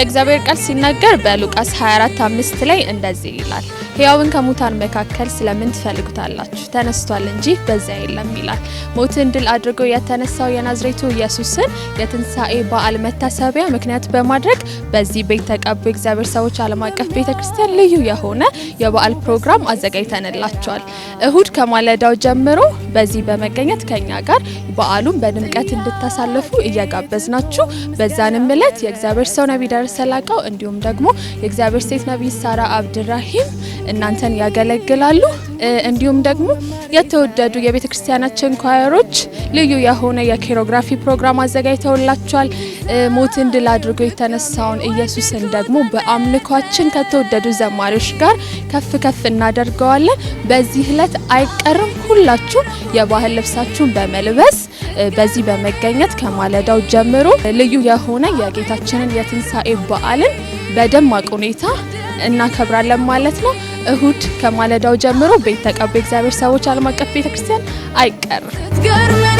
የእግዚአብሔር ቃል ሲናገር በሉቃስ 24:5 ላይ እንደዚህ ይላል፣ ሕያውን ከሙታን መካከል ስለምን ትፈልጉታላችሁ? ተነስቷል እንጂ በዚያ የለም ይላል። ሞትን ድል አድርጎ የተነሳው የናዝሬቱ ኢየሱስን የትንሣኤ በዓል መታሰቢያ ምክንያት በማድረግ በዚህ ቤት ተቀቡ የእግዚአብሔር ሰዎች ዓለም አቀፍ ቤተ ክርስቲያን ልዩ የሆነ የበዓል ፕሮግራም አዘጋጅተንላቸዋል። እሁድ ከማለዳው ጀምሮ በዚህ በመገኘት ከኛ ጋር በዓሉን በድምቀት እንድታሳልፉ እየጋበዝናችሁ በዛንም እለት የእግዚአብሔር ሰው ነቢይ ደረሰ ላቀው እንዲሁም ደግሞ የእግዚአብሔር ሴት ነቢይ ሳራ አብድራሂም እናንተን ያገለግላሉ። እንዲሁም ደግሞ የተወደዱ የቤተ ክርስቲያናችን ኳየሮች ልዩ የሆነ የኬሮግራፊ ፕሮግራም አዘጋጅተውላቸዋል። ሞትን ድል አድርጎ የተነሳውን ኢየሱስን ደግሞ በአምልኳችን ከተወደዱ ዘማሪዎች ጋር ከፍ ከፍ እናደርገዋለን። በዚህ እለት አይቀርም። ሁላችሁ የባህል ልብሳችሁን በመልበስ በዚህ በመገኘት ከማለዳው ጀምሮ ልዩ የሆነ የጌታችንን የትንሣኤ በዓልን በደማቅ ሁኔታ እናከብራለን ማለት ነው። እሁድ ከማለዳው ጀምሮ ቤት ተቀቤ እግዚአብሔር ሰዎች ዓለም አቀፍ ቤተክርስቲያን አይቀርም።